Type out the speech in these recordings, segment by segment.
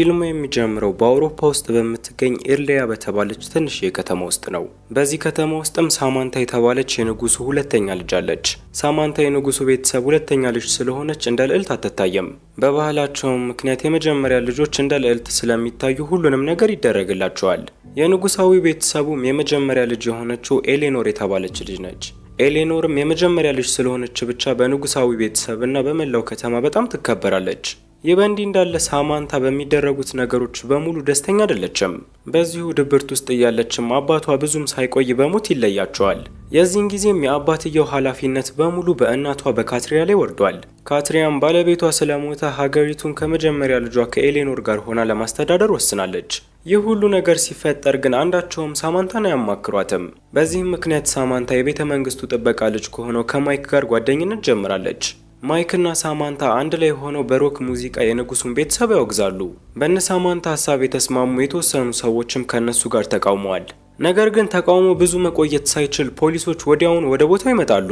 ፊልሙ የሚጀምረው በአውሮፓ ውስጥ በምትገኝ ኤርሊያ በተባለች ትንሽ ከተማ ውስጥ ነው። በዚህ ከተማ ውስጥም ሳማንታ የተባለች የንጉሱ ሁለተኛ ልጅ አለች። ሳማንታ የንጉሱ ቤተሰብ ሁለተኛ ልጅ ስለሆነች እንደ ልዕልት አትታየም። በባህላቸውም ምክንያት የመጀመሪያ ልጆች እንደ ልዕልት ስለሚታዩ ሁሉንም ነገር ይደረግላቸዋል። የንጉሳዊ ቤተሰቡም የመጀመሪያ ልጅ የሆነችው ኤሌኖር የተባለች ልጅ ነች። ኤሌኖርም የመጀመሪያ ልጅ ስለሆነች ብቻ በንጉሳዊ ቤተሰብና በመላው ከተማ በጣም ትከበራለች። ይህ በእንዲህ እንዳለ ሳማንታ በሚደረጉት ነገሮች በሙሉ ደስተኛ አይደለችም። በዚሁ ድብርት ውስጥ እያለችም አባቷ ብዙም ሳይቆይ በሞት ይለያቸዋል። የዚህን ጊዜም የአባትየው ኃላፊነት በሙሉ በእናቷ በካትሪያ ላይ ወርዷል። ካትሪያም ባለቤቷ ስለሞተ ሀገሪቱን ከመጀመሪያ ልጇ ከኤሌኖር ጋር ሆና ለማስተዳደር ወስናለች። ይህ ሁሉ ነገር ሲፈጠር ግን አንዳቸውም ሳማንታን አያማክሯትም። በዚህም ምክንያት ሳማንታ የቤተ መንግስቱ ጥበቃ ልጅ ከሆነው ከማይክ ጋር ጓደኝነት ጀምራለች። ማይክና ሳማንታ አንድ ላይ ሆነው በሮክ ሙዚቃ የንጉሱን ቤተሰብ ያወግዛሉ። በነ ሳማንታ ሀሳብ የተስማሙ የተወሰኑ ሰዎችም ከነሱ ጋር ተቃውመዋል። ነገር ግን ተቃውሞ ብዙ መቆየት ሳይችል ፖሊሶች ወዲያውን ወደ ቦታው ይመጣሉ።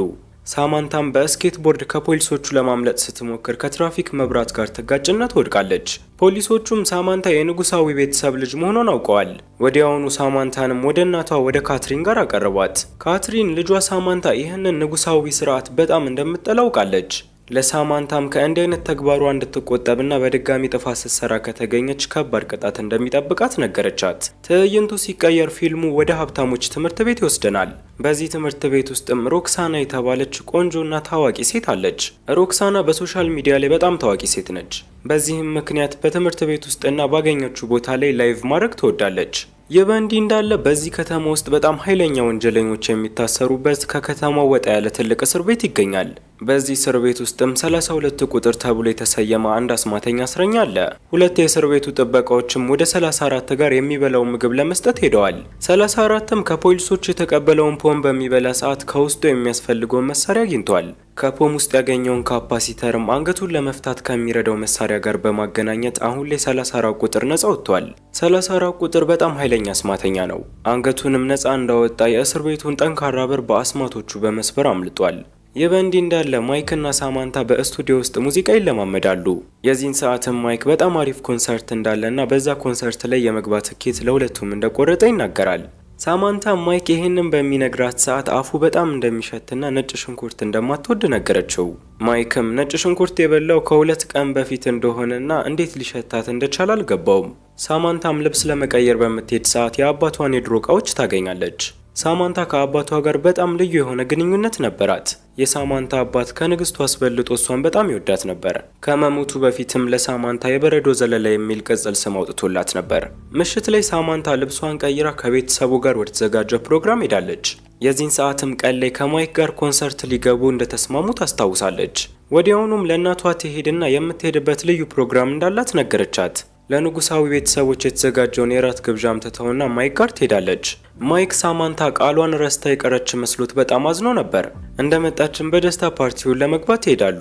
ሳማንታም በስኬትቦርድ ከፖሊሶቹ ለማምለጥ ስትሞክር ከትራፊክ መብራት ጋር ትጋጭና ትወድቃለች። ፖሊሶቹም ሳማንታ የንጉሳዊ ቤተሰብ ልጅ መሆኗን አውቀዋል። ወዲያውኑ ሳማንታንም ወደ እናቷ ወደ ካትሪን ጋር አቀረቧት። ካትሪን ልጇ ሳማንታ ይህንን ንጉሳዊ ስርዓት በጣም እንደምጠላውቃለች። ለሳማንታም ከእንዲህ አይነት ተግባሯ እንድትቆጠብና በድጋሚ ጥፋት ስትሰራ ከተገኘች ከባድ ቅጣት እንደሚጠብቃት ነገረቻት። ትዕይንቱ ሲቀየር ፊልሙ ወደ ሀብታሞች ትምህርት ቤት ይወስደናል። በዚህ ትምህርት ቤት ውስጥም ሮክሳና የተባለች ቆንጆና ታዋቂ ሴት አለች። ሮክሳና በሶሻል ሚዲያ ላይ በጣም ታዋቂ ሴት ነች። በዚህም ምክንያት በትምህርት ቤት ውስጥና ባገኘችው ቦታ ላይ ላይቭ ማድረግ ትወዳለች። ይህ በእንዲህ እንዳለ በዚህ ከተማ ውስጥ በጣም ኃይለኛ ወንጀለኞች የሚታሰሩበት ከከተማው ወጣ ያለ ትልቅ እስር ቤት ይገኛል። በዚህ እስር ቤት ውስጥም 32 ቁጥር ተብሎ የተሰየመ አንድ አስማተኛ እስረኛ አለ። ሁለት የእስር ቤቱ ጥበቃዎችም ወደ 34 ጋር የሚበላው ምግብ ለመስጠት ሄደዋል። 34ም ከፖሊሶች የተቀበለውን ፖም በሚበላ ሰዓት ከውስጡ የሚያስፈልገውን መሳሪያ አግኝቷል። ከፖም ውስጥ ያገኘውን ካፓሲተርም አንገቱን ለመፍታት ከሚረዳው መሳሪያ ጋር በማገናኘት አሁን ላይ 34 ቁጥር ነጻ ወጥቷል። 34 ቁጥር በጣም ኃይለኛ አስማተኛ ነው። አንገቱንም ነጻ እንዳወጣ የእስር ቤቱን ጠንካራ በር በአስማቶቹ በመስበር አምልጧል። ይህ በእንዲህ እንዳለ ማይክና ሳማንታ በስቱዲዮ ውስጥ ሙዚቃ ይለማመዳሉ። የዚህን ሰዓትም ማይክ በጣም አሪፍ ኮንሰርት እንዳለና በዛ ኮንሰርት ላይ የመግባት ትኬት ለሁለቱም እንደቆረጠ ይናገራል። ሳማንታ ማይክ ይህንን በሚነግራት ሰዓት አፉ በጣም እንደሚሸትና ነጭ ሽንኩርት እንደማትወድ ነገረችው። ማይክም ነጭ ሽንኩርት የበላው ከሁለት ቀን በፊት እንደሆነና እንዴት ሊሸታት እንደቻል አልገባውም። ሳማንታም ልብስ ለመቀየር በምትሄድ ሰዓት የአባቷን የድሮ እቃዎች ታገኛለች። ሳማንታ ከአባቷ ጋር በጣም ልዩ የሆነ ግንኙነት ነበራት። የሳማንታ አባት ከንግስቱ አስበልጦ እሷን በጣም ይወዳት ነበር ከመሞቱ በፊትም ለሳማንታ የበረዶ ዘለላ የሚል ቅጽል ስም አውጥቶላት ነበር። ምሽት ላይ ሳማንታ ልብሷን ቀይራ ከቤተሰቡ ጋር ወደ ፕሮግራም ሄዳለች። የዚህን ሰዓትም ቀን ላይ ከማይክ ጋር ኮንሰርት ሊገቡ እንደተስማሙ ታስታውሳለች። ወዲያውኑም ለእናቷ ትሄድና የምትሄድበት ልዩ ፕሮግራም እንዳላት ነገረቻት። ለንጉሳዊ ቤተሰቦች የተዘጋጀውን የራት ግብዣም ትተውና ማይክ ጋር ትሄዳለች። ማይክ ሳማንታ ቃሏን ረስታ የቀረች መስሎት በጣም አዝኖ ነበር። እንደመጣችን በደስታ ፓርቲውን ለመግባት ይሄዳሉ።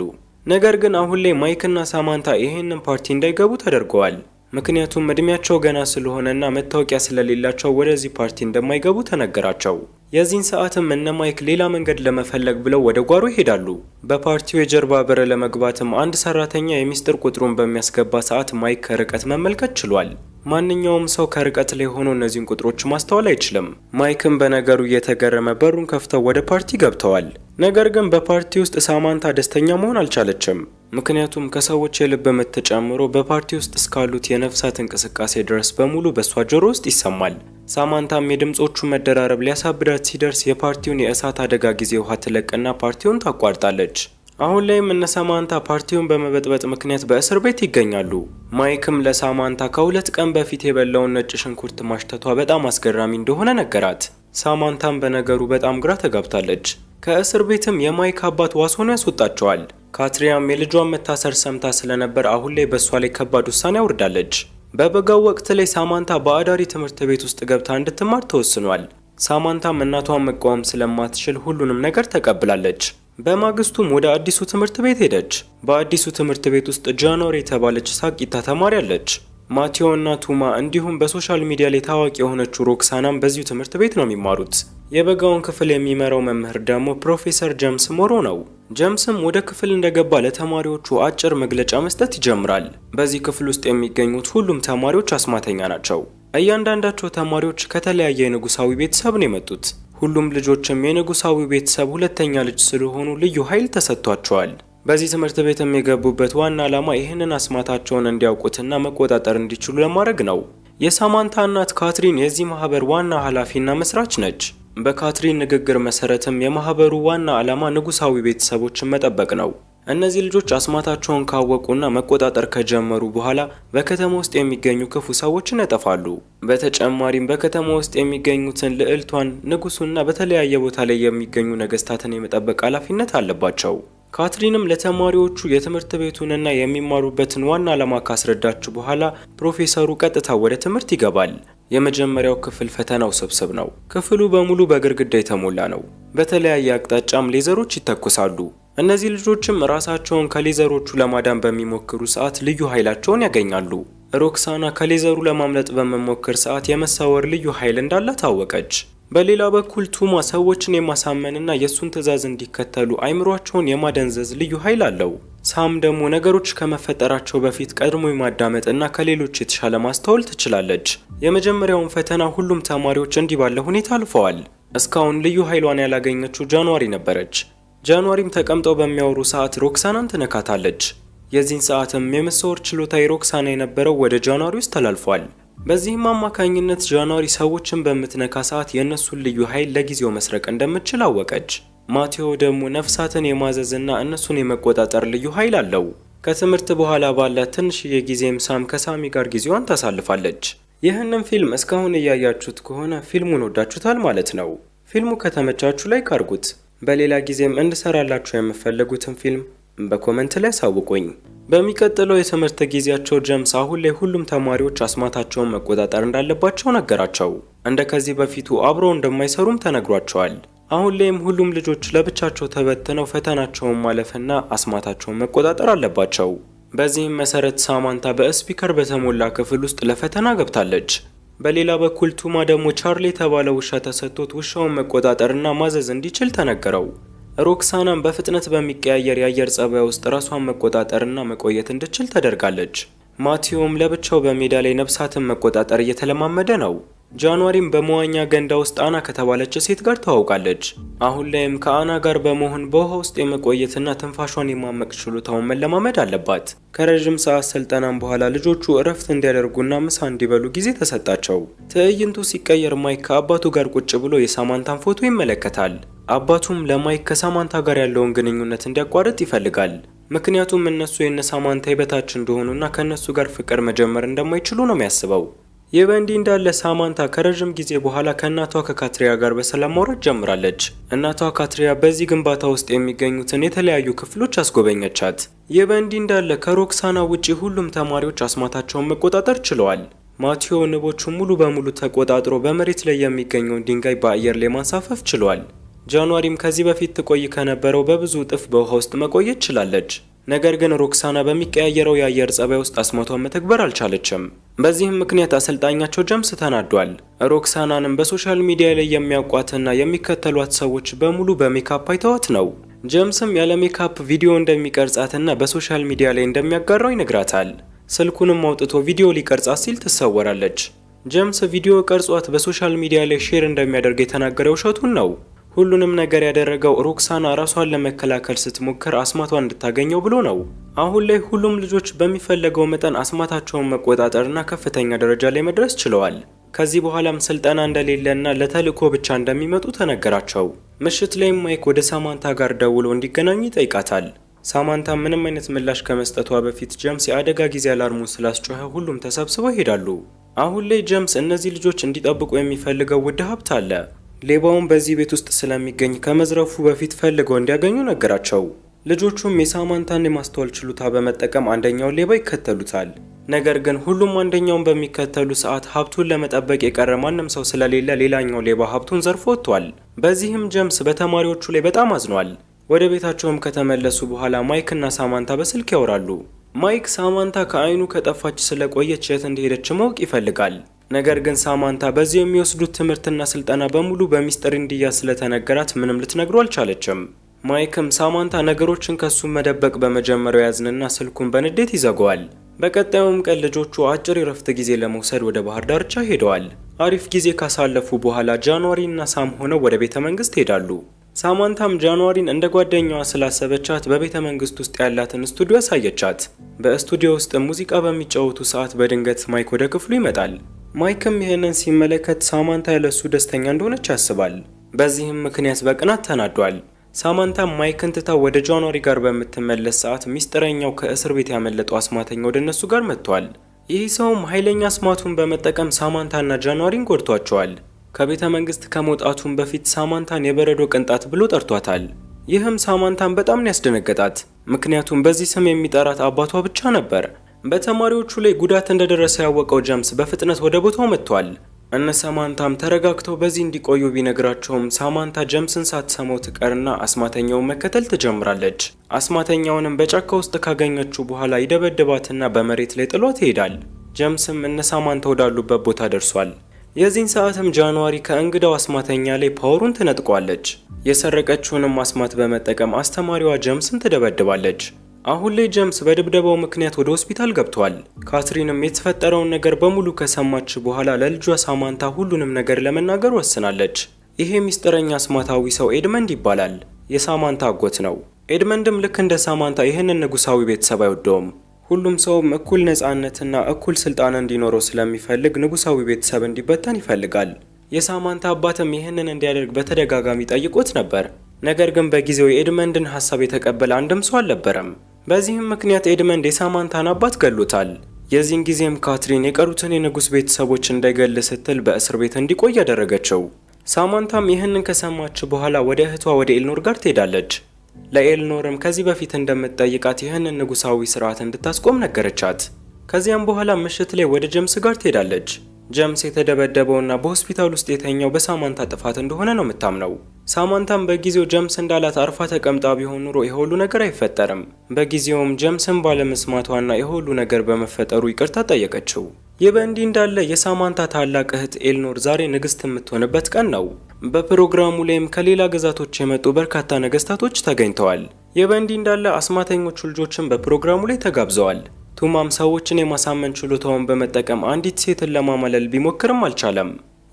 ነገር ግን አሁን ላይ ማይክና ሳማንታ ይህንን ፓርቲ እንዳይገቡ ተደርገዋል። ምክንያቱም እድሜያቸው ገና ስለሆነና መታወቂያ ስለሌላቸው ወደዚህ ፓርቲ እንደማይገቡ ተነገራቸው። የዚህን ሰዓትም እነ ማይክ ሌላ መንገድ ለመፈለግ ብለው ወደ ጓሮ ይሄዳሉ። በፓርቲው የጀርባ በር ለመግባትም አንድ ሰራተኛ የሚስጥር ቁጥሩን በሚያስገባ ሰዓት ማይክ ርቀት መመልከት ችሏል። ማንኛውም ሰው ከርቀት ላይ ሆኖ እነዚህን ቁጥሮች ማስተዋል አይችልም። ማይክም በነገሩ እየተገረመ በሩን ከፍተው ወደ ፓርቲ ገብተዋል። ነገር ግን በፓርቲ ውስጥ ሳማንታ ደስተኛ መሆን አልቻለችም። ምክንያቱም ከሰዎች የልብ ምት በፓርቲ ውስጥ እስካሉት የነፍሳት እንቅስቃሴ ድረስ በሙሉ በእሷ ጆሮ ውስጥ ይሰማል። ሳማንታም የድምፆቹ መደራረብ ሊያሳብዳት ሲደርስ የፓርቲውን የእሳት አደጋ ጊዜ ውሃ ትለቅና ፓርቲውን ታቋርጣለች። አሁን ላይም እነ ሳማንታ ፓርቲውን በመበጥበጥ ምክንያት በእስር ቤት ይገኛሉ። ማይክም ለሳማንታ ከሁለት ቀን በፊት የበላውን ነጭ ሽንኩርት ማሽተቷ በጣም አስገራሚ እንደሆነ ነገራት። ሳማንታም በነገሩ በጣም ግራ ተጋብታለች። ከእስር ቤትም የማይክ አባት ዋስ ሆኖ ያስወጣቸዋል። ካትሪያም የልጇን መታሰር ሰምታ ስለነበር አሁን ላይ በእሷ ላይ ከባድ ውሳኔ አውርዳለች። በበጋው ወቅት ላይ ሳማንታ በአዳሪ ትምህርት ቤት ውስጥ ገብታ እንድትማር ተወስኗል። ሳማንታም እናቷን መቃወም ስለማትችል ሁሉንም ነገር ተቀብላለች። በማግስቱም ወደ አዲሱ ትምህርት ቤት ሄደች። በአዲሱ ትምህርት ቤት ውስጥ ጃኖር የተባለች ሳቂታ ተማሪ አለች። ማቴዎ እና ቱማ እንዲሁም በሶሻል ሚዲያ ላይ ታዋቂ የሆነችው ሮክሳናም በዚሁ ትምህርት ቤት ነው የሚማሩት። የበጋውን ክፍል የሚመራው መምህር ደግሞ ፕሮፌሰር ጀምስ ሞሮ ነው። ጀምስም ወደ ክፍል እንደገባ ለተማሪዎቹ አጭር መግለጫ መስጠት ይጀምራል። በዚህ ክፍል ውስጥ የሚገኙት ሁሉም ተማሪዎች አስማተኛ ናቸው። እያንዳንዳቸው ተማሪዎች ከተለያየ ንጉሳዊ ቤተሰብ ነው የመጡት። ሁሉም ልጆችም የንጉሳዊ ቤተሰብ ሁለተኛ ልጅ ስለሆኑ ልዩ ኃይል ተሰጥቷቸዋል። በዚህ ትምህርት ቤትም የገቡበት ዋና ዓላማ ይህንን አስማታቸውን እንዲያውቁትና መቆጣጠር እንዲችሉ ለማድረግ ነው። የሳማንታ እናት ካትሪን የዚህ ማህበር ዋና ኃላፊና መስራች ነች። በካትሪን ንግግር መሰረትም የማህበሩ ዋና ዓላማ ንጉሳዊ ቤተሰቦችን መጠበቅ ነው። እነዚህ ልጆች አስማታቸውን ካወቁና መቆጣጠር ከጀመሩ በኋላ በከተማ ውስጥ የሚገኙ ክፉ ሰዎችን ያጠፋሉ። በተጨማሪም በከተማ ውስጥ የሚገኙትን ልዕልቷን፣ ንጉሱና በተለያየ ቦታ ላይ የሚገኙ ነገስታትን የመጠበቅ ኃላፊነት አለባቸው። ካትሪንም ለተማሪዎቹ የትምህርት ቤቱንና የሚማሩበትን ዋና ዓላማ ካስረዳችው በኋላ ፕሮፌሰሩ ቀጥታ ወደ ትምህርት ይገባል። የመጀመሪያው ክፍል ፈተናው ስብስብ ነው። ክፍሉ በሙሉ በግርግዳ የተሞላ ነው። በተለያየ አቅጣጫም ሌዘሮች ይተኩሳሉ። እነዚህ ልጆችም ራሳቸውን ከሌዘሮቹ ለማዳን በሚሞክሩ ሰዓት ልዩ ኃይላቸውን ያገኛሉ። ሮክሳና ከሌዘሩ ለማምለጥ በመሞክር ሰዓት የመሰወር ልዩ ኃይል እንዳለ ታወቀች። በሌላ በኩል ቱማ ሰዎችን የማሳመንና የእሱን ትዕዛዝ እንዲከተሉ አይምሯቸውን የማደንዘዝ ልዩ ኃይል አለው። ሳም ደግሞ ነገሮች ከመፈጠራቸው በፊት ቀድሞ የማዳመጥና ከሌሎች የተሻለ ማስተዋል ትችላለች። የመጀመሪያውን ፈተና ሁሉም ተማሪዎች እንዲህ ባለ ሁኔታ አልፈዋል። እስካሁን ልዩ ኃይሏን ያላገኘችው ጃንዋሪ ነበረች። ጃንዋሪም ተቀምጠው በሚያወሩ ሰዓት ሮክሳናን ትነካታለች። የዚህን ሰዓትም የመሰወር ችሎታ የሮክሳና የነበረው ወደ ጃንዋሪ ውስጥ ተላልፏል። በዚህም አማካኝነት ጃንዋሪ ሰዎችን በምትነካ ሰዓት የእነሱን ልዩ ኃይል ለጊዜው መስረቅ እንደምትችል አወቀች። ማቴዎ ደግሞ ነፍሳትን የማዘዝና እነሱን የመቆጣጠር ልዩ ኃይል አለው። ከትምህርት በኋላ ባላት ትንሽዬ ጊዜም ሳም ከሳሚ ጋር ጊዜዋን ታሳልፋለች። ይህንም ፊልም እስካሁን እያያችሁት ከሆነ ፊልሙን ወዳችሁታል ማለት ነው። ፊልሙ ከተመቻችሁ ላይ ካርጉት በሌላ ጊዜም እንድሰራላችሁ የምፈልጉትን ፊልም በኮመንት ላይ አሳውቁኝ። በሚቀጥለው የትምህርት ጊዜያቸው ጀምስ አሁን ላይ ሁሉም ተማሪዎች አስማታቸውን መቆጣጠር እንዳለባቸው ነገራቸው። እንደ ከዚህ በፊቱ አብረው እንደማይሰሩም ተነግሯቸዋል። አሁን ላይም ሁሉም ልጆች ለብቻቸው ተበትነው ፈተናቸውን ማለፍና አስማታቸውን መቆጣጠር አለባቸው። በዚህም መሰረት ሳማንታ በስፒከር በተሞላ ክፍል ውስጥ ለፈተና ገብታለች። በሌላ በኩል ቱማ ደግሞ ቻርሊ የተባለ ውሻ ተሰጥቶት ውሻውን መቆጣጠርና ማዘዝ እንዲችል ተነገረው። ሮክሳናም በፍጥነት በሚቀያየር የአየር ጸባይ ውስጥ ራሷን መቆጣጠርና መቆየት እንድችል ተደርጋለች። ማቲዮም ለብቻው በሜዳ ላይ ነብሳትን መቆጣጠር እየተለማመደ ነው። ጃንዋሪም በመዋኛ ገንዳ ውስጥ አና ከተባለች ሴት ጋር ተዋውቃለች። አሁን ላይም ከአና ጋር በመሆን በውሃ ውስጥ የመቆየትና ትንፋሿን የማመቅ ችሎታውን መለማመድ አለባት። ከረዥም ሰዓት ስልጠናም በኋላ ልጆቹ እረፍት እንዲያደርጉና ምሳ እንዲበሉ ጊዜ ተሰጣቸው። ትዕይንቱ ሲቀየር ማይክ ከአባቱ ጋር ቁጭ ብሎ የሳማንታን ፎቶ ይመለከታል። አባቱም ለማይክ ከሳማንታ ጋር ያለውን ግንኙነት እንዲያቋርጥ ይፈልጋል። ምክንያቱም እነሱ የነ ሳማንታ የበታች እንደሆኑና ከእነሱ ጋር ፍቅር መጀመር እንደማይችሉ ነው የሚያስበው። ይህ በእንዲህ እንዳለ ሳማንታ ከረዥም ጊዜ በኋላ ከእናቷ ከካትሪያ ጋር በሰላም ማውራት ጀምራለች። እናቷ ካትሪያ በዚህ ግንባታ ውስጥ የሚገኙትን የተለያዩ ክፍሎች አስጎበኘቻት። ይህ በእንዲህ እንዳለ ከሮክሳና ውጪ ሁሉም ተማሪዎች አስማታቸውን መቆጣጠር ችለዋል። ማቴዎ ንቦቹ ሙሉ በሙሉ ተቆጣጥሮ በመሬት ላይ የሚገኘውን ድንጋይ በአየር ላይ ማንሳፈፍ ችሏል። ጃንዋሪም ከዚህ በፊት ትቆይ ከነበረው በብዙ እጥፍ በውሃ ውስጥ መቆየት ችላለች። ነገር ግን ሮክሳና በሚቀያየረው የአየር ጸባይ ውስጥ አስመቷን መተግበር አልቻለችም። በዚህም ምክንያት አሰልጣኛቸው ጀምስ ተናዷል። ሮክሳናንም በሶሻል ሚዲያ ላይ የሚያውቋትና የሚከተሏት ሰዎች በሙሉ በሜካፕ አይተዋት ነው። ጀምስም ያለ ሜካፕ ቪዲዮ እንደሚቀርጻትና በሶሻል ሚዲያ ላይ እንደሚያጋራው ይነግራታል። ስልኩንም አውጥቶ ቪዲዮ ሊቀርጻት ሲል ትሰወራለች። ጀምስ ቪዲዮ ቀርጿት በሶሻል ሚዲያ ላይ ሼር እንደሚያደርግ የተናገረው ውሸቱን ነው። ሁሉንም ነገር ያደረገው ሮክሳና ራሷን ለመከላከል ስትሞክር አስማቷን እንድታገኘው ብሎ ነው። አሁን ላይ ሁሉም ልጆች በሚፈለገው መጠን አስማታቸውን መቆጣጠርና ከፍተኛ ደረጃ ላይ መድረስ ችለዋል። ከዚህ በኋላም ስልጠና እንደሌለና ለተልእኮ ብቻ እንደሚመጡ ተነገራቸው። ምሽት ላይ ማይክ ወደ ሳማንታ ጋር ደውሎ እንዲገናኙ ይጠይቃታል። ሳማንታ ምንም አይነት ምላሽ ከመስጠቷ በፊት ጀምስ የአደጋ ጊዜ አላርሙን ስላስጮኸ ሁሉም ተሰብስበው ይሄዳሉ። አሁን ላይ ጀምስ እነዚህ ልጆች እንዲጠብቁ የሚፈልገው ውድ ሀብት አለ። ሌባውን በዚህ ቤት ውስጥ ስለሚገኝ ከመዝረፉ በፊት ፈልገው እንዲያገኙ ነገራቸው። ልጆቹም የሳማንታን የማስተዋል ችሎታ በመጠቀም አንደኛውን ሌባ ይከተሉታል። ነገር ግን ሁሉም አንደኛውን በሚከተሉ ሰዓት ሀብቱን ለመጠበቅ የቀረ ማንም ሰው ስለሌለ ሌላኛው ሌባ ሀብቱን ዘርፎ ወጥቷል። በዚህም ጀምስ በተማሪዎቹ ላይ በጣም አዝኗል። ወደ ቤታቸውም ከተመለሱ በኋላ ማይክ እና ሳማንታ በስልክ ያወራሉ። ማይክ ሳማንታ ከአይኑ ከጠፋች ስለቆየች የት እንደሄደች ማወቅ ይፈልጋል። ነገር ግን ሳማንታ በዚህ የሚወስዱት ትምህርትና ስልጠና በሙሉ በሚስጥር እንዲያዝ ስለተነገራት ምንም ልትነግሩ አልቻለችም። ማይክም ሳማንታ ነገሮችን ከሱ መደበቅ በመጀመሪያው ያዝንና ስልኩን በንዴት ይዘገዋል። በቀጣዩም ቀን ልጆቹ አጭር የረፍት ጊዜ ለመውሰድ ወደ ባህር ዳርቻ ሄደዋል። አሪፍ ጊዜ ካሳለፉ በኋላ ጃንዋሪ እና ሳም ሆነው ወደ ቤተ መንግስት ሄዳሉ። ሳማንታም ጃንዋሪን እንደ ጓደኛዋ ስላሰበቻት በቤተ መንግስት ውስጥ ያላትን ስቱዲዮ አሳየቻት። በስቱዲዮ ውስጥ ሙዚቃ በሚጫወቱ ሰዓት በድንገት ማይክ ወደ ክፍሉ ይመጣል። ማይክም ይህንን ሲመለከት ሳማንታ ያለሱ ደስተኛ እንደሆነች ያስባል። በዚህም ምክንያት በቅናት ተናዷል። ሳማንታ ማይክን ትታ ወደ ጃንዋሪ ጋር በምትመለስ ሰዓት ሚስጥረኛው ከእስር ቤት ያመለጠው አስማተኛ ወደ እነሱ ጋር መጥቷል። ይህ ሰውም ኃይለኛ አስማቱን በመጠቀም ሳማንታና ጃንዋሪን ጎድቷቸዋል። ከቤተ መንግስት ከመውጣቱም በፊት ሳማንታን የበረዶ ቅንጣት ብሎ ጠርቷታል። ይህም ሳማንታን በጣም ያስደነገጣት። ምክንያቱም በዚህ ስም የሚጠራት አባቷ ብቻ ነበር። በተማሪዎቹ ላይ ጉዳት እንደደረሰ ያወቀው ጀምስ በፍጥነት ወደ ቦታው መጥቷል። እነ ሳማንታም ተረጋግተው በዚህ እንዲቆዩ ቢነግራቸውም ሳማንታ ጀምስን ሳትሰማው ትቀርና አስማተኛውን መከተል ትጀምራለች። አስማተኛውንም በጫካ ውስጥ ካገኘችው በኋላ ይደበድባትና በመሬት ላይ ጥሏት ይሄዳል። ጀምስም እነ ሳማንታ ወዳሉበት ቦታ ደርሷል። የዚህን ሰዓትም ጃንዋሪ ከእንግዳው አስማተኛ ላይ ፓወሩን ትነጥቋለች። የሰረቀችውንም አስማት በመጠቀም አስተማሪዋ ጀምስን ትደበድባለች። አሁን ላይ ጀምስ በድብደባው ምክንያት ወደ ሆስፒታል ገብቷል። ካትሪንም የተፈጠረውን ነገር በሙሉ ከሰማች በኋላ ለልጇ ሳማንታ ሁሉንም ነገር ለመናገር ወስናለች። ይሄ ሚስጥረኛ አስማታዊ ሰው ኤድመንድ ይባላል። የሳማንታ አጎት ነው። ኤድመንድም ልክ እንደ ሳማንታ ይህንን ንጉሳዊ ቤተሰብ አይወደውም። ሁሉም ሰውም እኩል ነፃነትና እኩል ስልጣን እንዲኖረው ስለሚፈልግ ንጉሳዊ ቤተሰብ እንዲበተን ይፈልጋል። የሳማንታ አባትም ይህንን እንዲያደርግ በተደጋጋሚ ጠይቆት ነበር። ነገር ግን በጊዜው የኤድመንድን ሀሳብ የተቀበለ አንድም ሰው አልነበረም። በዚህም ምክንያት ኤድመንድ የሳማንታን አባት ገሎታል። የዚህን ጊዜም ካትሪን የቀሩትን የንጉሥ ቤተሰቦች እንዳይገል ስትል በእስር ቤት እንዲቆይ ያደረገችው። ሳማንታም ይህንን ከሰማች በኋላ ወደ እህቷ ወደ ኤልኖር ጋር ትሄዳለች። ለኤልኖርም ከዚህ በፊት እንደምትጠይቃት ይህንን ንጉሳዊ ስርዓት እንድታስቆም ነገረቻት። ከዚያም በኋላ ምሽት ላይ ወደ ጀምስ ጋር ትሄዳለች። ጀምስ የተደበደበውና በሆስፒታል ውስጥ የተኛው በሳማንታ ጥፋት እንደሆነ ነው የምታምነው። ሳማንታም በጊዜው ጀምስ እንዳላት አርፋ ተቀምጣ ቢሆን ኑሮ የሁሉ ነገር አይፈጠርም። በጊዜውም ጀምስን ባለመስማቷና የሁሉ ነገር በመፈጠሩ ይቅርታ ጠየቀችው። ይህ በእንዲህ እንዳለ የሳማንታ ታላቅ እህት ኤልኖር ዛሬ ንግስት የምትሆንበት ቀን ነው። በፕሮግራሙ ላይም ከሌላ ግዛቶች የመጡ በርካታ ነገስታቶች ተገኝተዋል። ይህ በእንዲህ እንዳለ አስማተኞቹ ልጆችም በፕሮግራሙ ላይ ተጋብዘዋል። ቱማም ሰዎችን የማሳመን ችሎታውን በመጠቀም አንዲት ሴትን ለማማለል ቢሞክርም አልቻለም።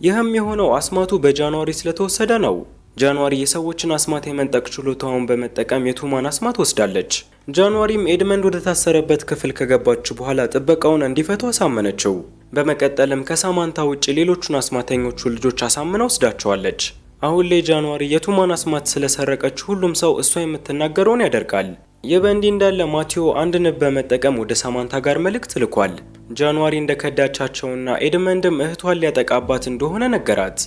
ይህም የሆነው አስማቱ በጃንዋሪ ስለተወሰደ ነው። ጃንዋሪ የሰዎችን አስማት የመንጠቅ ችሎታውን በመጠቀም የቱማን አስማት ወስዳለች። ጃንዋሪም ኤድመንድ ወደ ታሰረበት ክፍል ከገባች በኋላ ጥበቃውን እንዲፈቱ አሳመነችው። በመቀጠልም ከሳማንታ ውጭ ሌሎቹን አስማተኞቹ ልጆች አሳምና ወስዳቸዋለች። አሁን ላይ ጃንዋሪ የቱማን አስማት ስለሰረቀች ሁሉም ሰው እሷ የምትናገረውን ያደርጋል። ይህ በእንዲህ እንዳለ ማቴዎ አንድ ንብ በመጠቀም ወደ ሳማንታ ጋር መልእክት ልኳል። ጃንዋሪ እንደከዳቻቸውና ኤድመንድም እህቷን ሊያጠቃባት እንደሆነ ነገራት።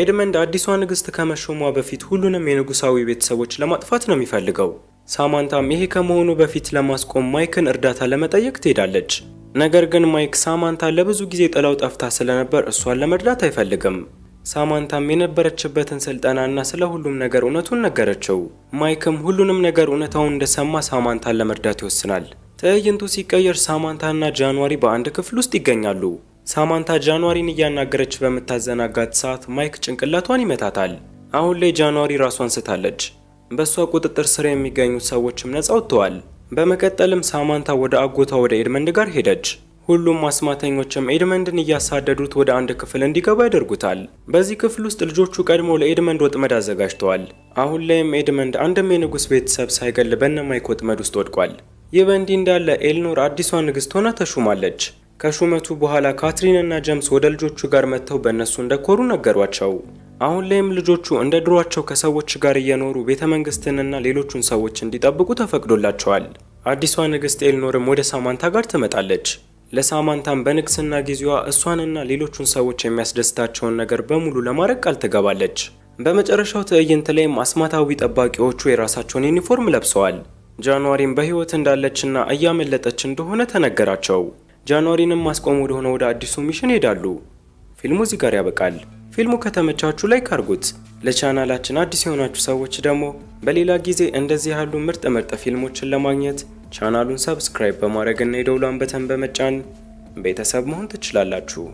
ኤድመንድ አዲሷ ንግሥት ከመሾሟ በፊት ሁሉንም የንጉሳዊ ቤተሰቦች ለማጥፋት ነው የሚፈልገው። ሳማንታም ይሄ ከመሆኑ በፊት ለማስቆም ማይክን እርዳታ ለመጠየቅ ትሄዳለች። ነገር ግን ማይክ ሳማንታ ለብዙ ጊዜ ጥላው ጠፍታ ስለነበር እሷን ለመርዳት አይፈልግም። ሳማንታም የነበረችበትን ስልጠናና ስለ ሁሉም ነገር እውነቱን ነገረችው። ማይክም ሁሉንም ነገር እውነታውን እንደሰማ ሳማንታን ለመርዳት ይወስናል። ትዕይንቱ ሲቀየር ሳማንታና ጃንዋሪ በአንድ ክፍል ውስጥ ይገኛሉ። ሳማንታ ጃንዋሪን እያናገረች በምታዘናጋት ሰዓት ማይክ ጭንቅላቷን ይመታታል። አሁን ላይ ጃንዋሪ ራሷን ስታለች። በእሷ ቁጥጥር ስር የሚገኙት ሰዎችም ነጻ ወጥተዋል። በመቀጠልም ሳማንታ ወደ አጎቷ ወደ ኤድመንድ ጋር ሄደች። ሁሉም አስማተኞችም ኤድመንድን እያሳደዱት ወደ አንድ ክፍል እንዲገባ ያደርጉታል። በዚህ ክፍል ውስጥ ልጆቹ ቀድሞ ለኤድመንድ ወጥመድ አዘጋጅተዋል። አሁን ላይም ኤድመንድ አንድም የንጉሥ ቤተሰብ ሳይገል በነማይክ ወጥመድ ውስጥ ወድቋል። ይህ በእንዲህ እንዳለ ኤልኖር አዲሷ ንግሥት ሆና ተሹማለች። ከሹመቱ በኋላ ካትሪን እና ጀምስ ወደ ልጆቹ ጋር መጥተው በእነሱ እንደኮሩ ነገሯቸው። አሁን ላይም ልጆቹ እንደ ድሯቸው ከሰዎች ጋር እየኖሩ ቤተ መንግሥትንና ሌሎቹን ሰዎች እንዲጠብቁ ተፈቅዶላቸዋል። አዲሷ ንግሥት ኤልኖርም ወደ ሳማንታ ጋር ትመጣለች። ለሳማንታም በንግስና ጊዜዋ እሷንና ሌሎቹን ሰዎች የሚያስደስታቸውን ነገር በሙሉ ለማድረግ ቃል ትገባለች። በመጨረሻው ትዕይንት ላይም አስማታዊ ጠባቂዎቹ የራሳቸውን ዩኒፎርም ለብሰዋል። ጃንዋሪን በህይወት እንዳለችና እያመለጠች እንደሆነ ተነገራቸው። ጃንዋሪንም ማስቆም ወደሆነ ወደ አዲሱ ሚሽን ይሄዳሉ። ፊልሙ እዚህ ጋር ያበቃል። ፊልሙ ከተመቻችሁ ላይክ አድርጉት። ለቻናላችን አዲስ የሆናችሁ ሰዎች ደግሞ በሌላ ጊዜ እንደዚህ ያሉ ምርጥ ምርጥ ፊልሞችን ለማግኘት ቻናሉን ሰብስክራይብ በማድረግና የደውሏን በተን በመጫን ቤተሰብ መሆን ትችላላችሁ።